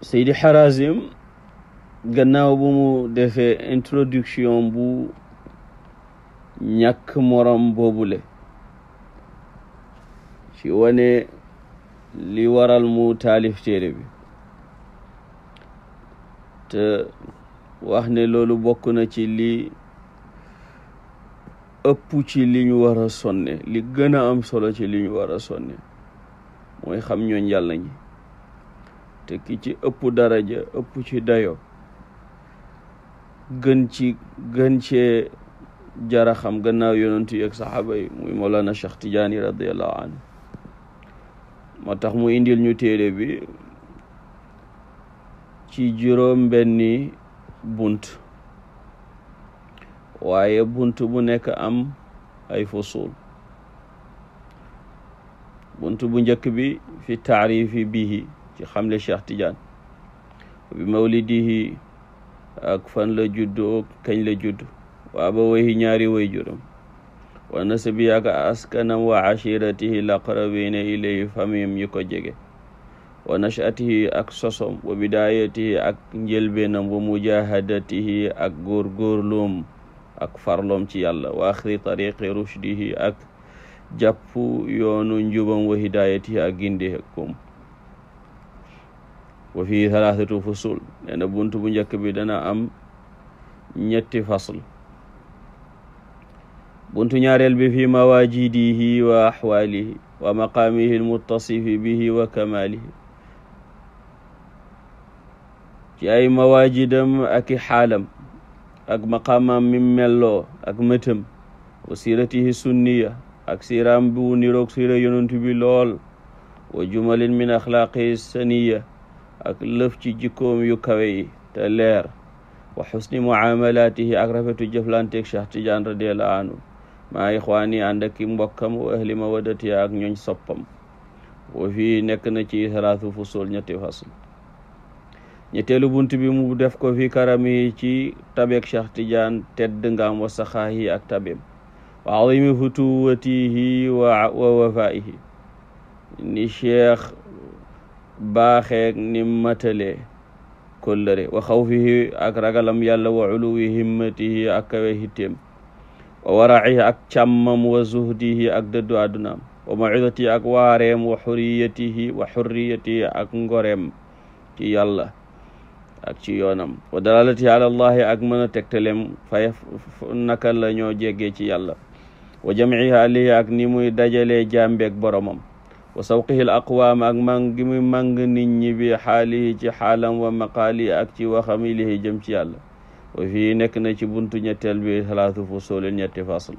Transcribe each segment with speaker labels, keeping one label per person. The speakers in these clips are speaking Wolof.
Speaker 1: Seydi Harazim gannaaw bu mu defee introduction bu ñàkk morom boobule ci wane li waral mu taalif téere bi te wax ne loolu bokk na ci li ëpp ci li ñu war a sonne li gën a am solo ci li ñu war a sonne mooy xam ñooñ yàlla ñi te ki ci ëpp daraja ëpp ci dayo gën ci gën cee jara xam gannaaw yonentu yi ak saxaaba yi muy Mawlana Cheikh Tidiane radiallahu anhu moo tax mu indil ñu téere bi ci juróom benni bunt waaye bunt bu nekk am ay fusul bunt bu njëkk bi fi taarifi bihi ci xamle Cheikh Tidiane bi mawlidihi ak fan la juddoo kañ la waa ba woyi ñaari way juróom wa nasabi ak askanam wa ashiratihi laqrabina ilayhi famiyam yi ko jege wa nachatihi ak sosom wa bidayatihi ak njëlbeenam wa mujahadatihi ak góorgóorloom ak farloom ci yàlla wa axri tariqi rushdihi ak jàpp yoonu njubam wa hidayatihi ak gindeekom wa fii thalathatu fusul nee na bunt bu njëkk bi dana am ñetti fasl buntu ñaareel bi fi mawaajidihi wa axwaalihi wa maqaamihi almuttasifi bihi wa kamaalihi ci ay mawaajidam ak i xaalam ak maqaamam mi melloo ak mëtam wa siiratihi sunniya ak siiraam bu niroog siira yonent bi lool wa jumalin min axlaaqi saniya ak lëf ci jikkoom yu kawe yi leer wa xusni muamalaatihi ak rafetu jëflanteeg Cheikh Tidiane radiallahu anhu maa ixwaani ànd ak i mbokkam wa ahli mawadati ak ñooñ soppam wa fii nekk na ci salaatu fusul ñetti fasl ñetteelu bunt bi mu def ko fi karam ci tabeek Cheikh Tidiane tedd ngaam wa saxaahi ak tabeem wa azimi futuwatihi wa wafaihi ni cheikh baaxeeg ni matalee kóllëre wa xawfihi ak ragalam yàlla wa uluwi himmatihi ak kawe hitteem wa waracihi ak càmmam wa zuhdihi ak dëddu àddunaam wa mawizatihi ak waareem wa xuriyatihi wa xurriyatihi ak ngoreem ci yàlla ak ci yoonam wa dalalati ala allahi ak mën a tegtalem fay naka la ñoo jéggee ci yàlla wa jamihi alayhi ak ni muy dajalee jaambeeg boromam wa sawqihi al aqwaam ak mang gi ñi bi xaalihi ci xaalam wa maqaali ak ci waxam lihi jëm ci yàlla wa fii nekk na ci buntu ñetteel bi talaatu fusuulin ñetti fasl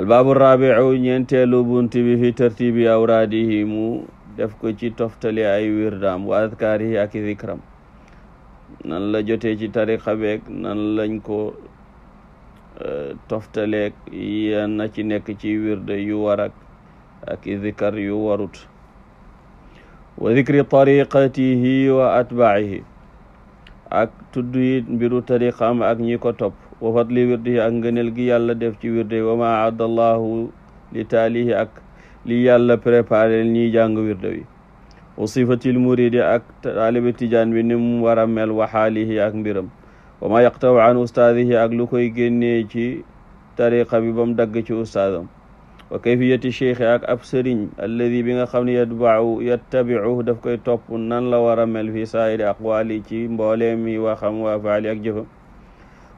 Speaker 1: albaabu raabiu ñeenteelu buntu bi fi tartiibi awraadihi mu def ko ci toftale ay wirdaam wa adkaarihi ak zikram nan la jotee ci tariqa beeg nan lañ ko eh, toftaleeg yan na ci nekk ci wirde yu warak ak zikar yu warut wa ak tudd yi mbiru tariqaam ak ñi ko topp wa fadli wirdihi ak ngëneel gi yàlla def ci wirde wa ma adda allahu li taalihi ak li yàlla préparé ñiy jàng wirde wi wa sifatil muridi ak taalibe tijaan bi ni war a mel wa xaalihi ak mbiram wa ma yaqtaw an ustaadihi ak lu koy génnee ci tariqa bi ba mu dagg ci wa kayfiyati cheikhi ak ab sëriñ alladi bi nga xam ne yatbaahu yattabiu daf koy topp nan la war a mel fi saayiri aqwaali ci mbooleem mi waxam waa faali ak jëfam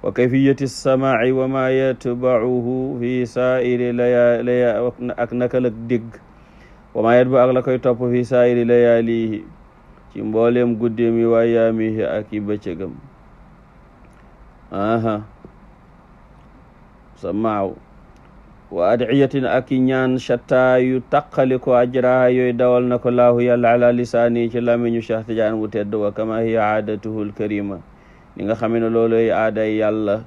Speaker 1: wa kayfiyati samaaci wa ma yatbauhu fi saa'iri laya laya ak naka la dégg wa ma yatba ak la koy topp fi saa'iri layaalihi ci mbooleem guddi mi waa yaamihi ak i bëccëgam aha samaaw wa adciyatin ak i ñaan chatta yu taqali ko ajraha yooyu dawal na ko laahu yàlla ala lisaani ci lamiñu Cheikh Tidiane bu tedd wa kama hiya aadatuhu lkarima ni nga xam ne looloy aaday yàlla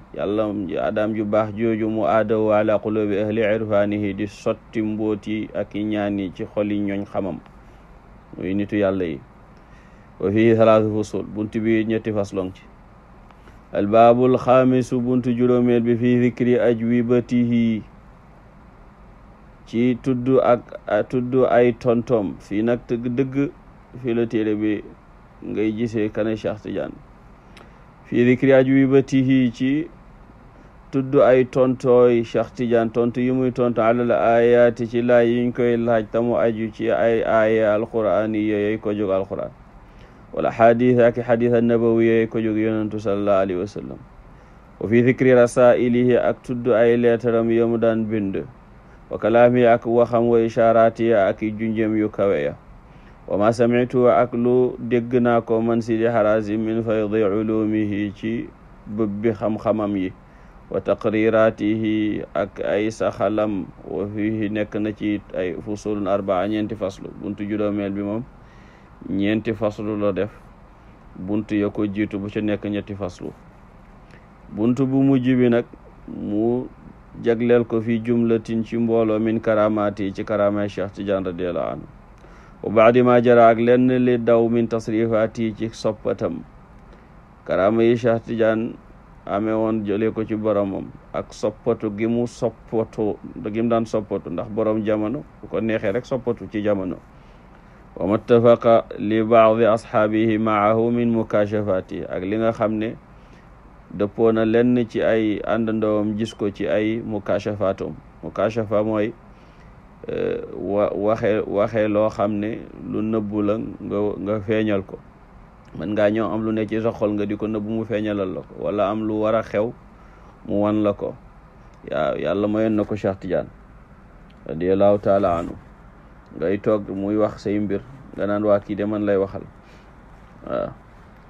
Speaker 1: ju baax jooju mu aadawu ala qulubi ahli irfaanihi di sotti mbóoti ak ñaan yi ci xoli ñooñ xamam muy nitu yàlla yi fusul bunt bi ñetti faslong ci albaabul xaamisu buntu juróomeel bi fii zikri ajwibatihi ci tudd ak ay tontoom fii nag dëgg-dëgg fii la téere bi ngay gisee kane Cheikh Tidiane wi ba ajwibatihi ci tudd ay tontooy Cheikh Tidiane tontu yi muy tontu alal ci laaj yiñ koy laaj tamu aju ci ay aaya alquraan yi yooyu ko jóg alquraan wala xadis ak ko jóg yonentu sallallahu alayhi wa sallam wa fi dikri rasailihi ak tudd ay leetaram mu daan bind wa kalaami ak waxam wa ishaaraati ak i junjëm yu kawe ya wa ma ak lu dégg naa ko man sidi harazim min faydi ulumihi ci bëbbi xam-xamam yi wa taqriratihi ak ay saxalam wa fihi nekk na ci ay fusulun arbaa ñeenti faslu buntu juróomeel bi moom ñeenti faslu la def buntu ya ko jiitu bu ci nekk ñetti faslu buntu bu mujj bi nag mu jagleel ko fi jumlatin ci mbooloo min karamaati ci karama Cheikh Tidiane radiyallahu anhu wa baadi ma jara ak lenn li daw min tasrifaati ci soppatam karama yi Cheikh Tidiane amee woon jëlee ko ci boromam ak soppatu gimu mu soppatu gi daan soppatu ndax borom jamono ko neexe rek soppatu ci jamono wa mattafaqa li baadi ashaabihi maahu min mukashafaati ak li nga xam ne dëppoo na lenn ci ay àndandoom gis ko ci ay mukashafatum mukashafa mooy eh, wa waxee waxee loo xam ne lu nëbbu la nga feeñal ko mën ngaa ñëw am lu ne ci sa nga di ko nëbbu mu feeñalal la wala am lu war a xew mu wan la ko waaw yàlla mayoon na ko Cheikh Tidiane radiallahu taala anhu ngay toog muy wax say mbir nga naan waa kii de man lay waxal waaw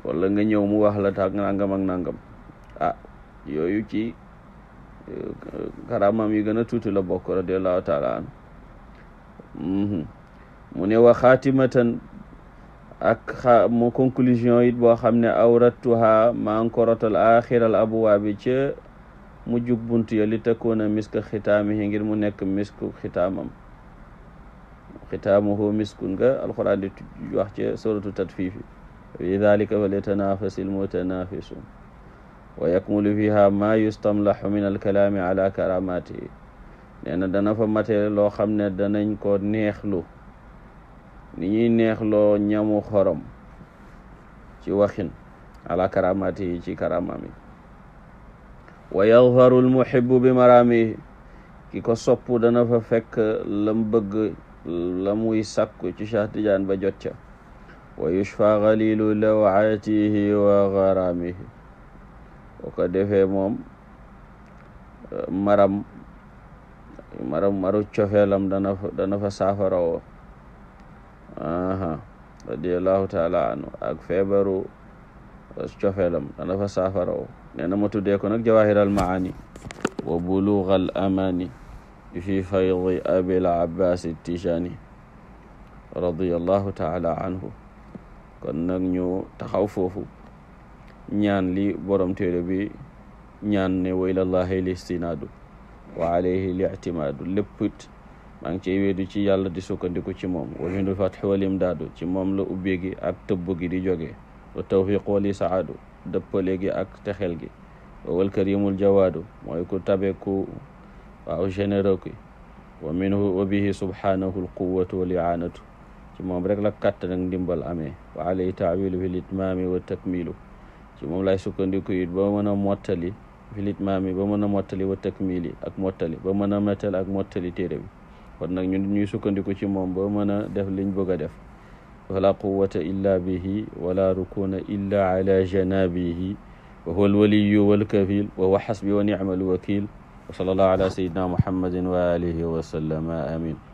Speaker 1: wala nga ñëw mu wax la taag nangam ak nangam ah yooyu ci eh, karamam yi gën a tuuti la bokk radiallahu taala an mhm. mu ne wa xaatimatan ak xa mu conclusion it boo xam ne awrattuha maa ngi ko rotal axiral abwaabi mu jug bunt yo li takkuuna misk xitaamihi ngir mu nekk misk xitaamam xitaamuhu miskun nga alquran di wax ca suratu tatfifi bi dalika fa li tanaafasil mutanafisun wa yakmulu fiha ma yustamlahu min alkalaami ala karamatihi nee fa matee loo xam ne danañ ko neexlu ni ñuy neexloo ñamu xorom ci waxin ala karamatihi ci karamami wa yadharu almuhibbu bi maramihi ki ko sopp dana fa fekk lam bëgg la muy sàkku ci Cheikh Tidiane ba jot ca wa yushfa galilu lawaatihi wa garamihi bu ko defee moom euh, maram maram maru cofeelam dana fa dana fa saafara woo aha radiallahu taala anhu ak feebaru euh, cofeelam dana fa saafara woo nee na ma tuddee ko nag jawahiral maani wa bulugal amani fi faydi abil abbas tijani radiallahu taala anhu kon nag ñu taxaw foofu ñaan li borom téere bi ñaan ne wa ilallahi listinaadu wa alayhi li'timaadu léppit maa ngi ciy wéedu ci yàlla di sukkandiku ci moom waminul fatxi wal imdaadu ci moom la ubbe gi ak tëbb di jóge wa tawfiq wal isaadu dëppale gi ak texel gi wawal karimul jawaadu mooy ku tabe ku waaw généreux wa minhu wa bihi subhaanahu alquwatu wal iaanatu ci moom rek la kàttan ak ndimbal amee wa alayhi taawiluhu litmaami wa takmilu ci moom lay sukkandiku it ba mën a mottali filit maam yi ba mën a mottali wa takmili ak mottali ba mën a mettal ak mottali téere bi kon nag ñun ñuy sukkandiku ci moom ba mën a def liñ bëgg a def wala quwata illa bihi wala rukuna illa ala janabihi wa huwa alwaliyu walkafil wa huwa xasbi wa nicma alwakil wa sallallahu ala sayidina muhammadin wa alihi wa sallama amin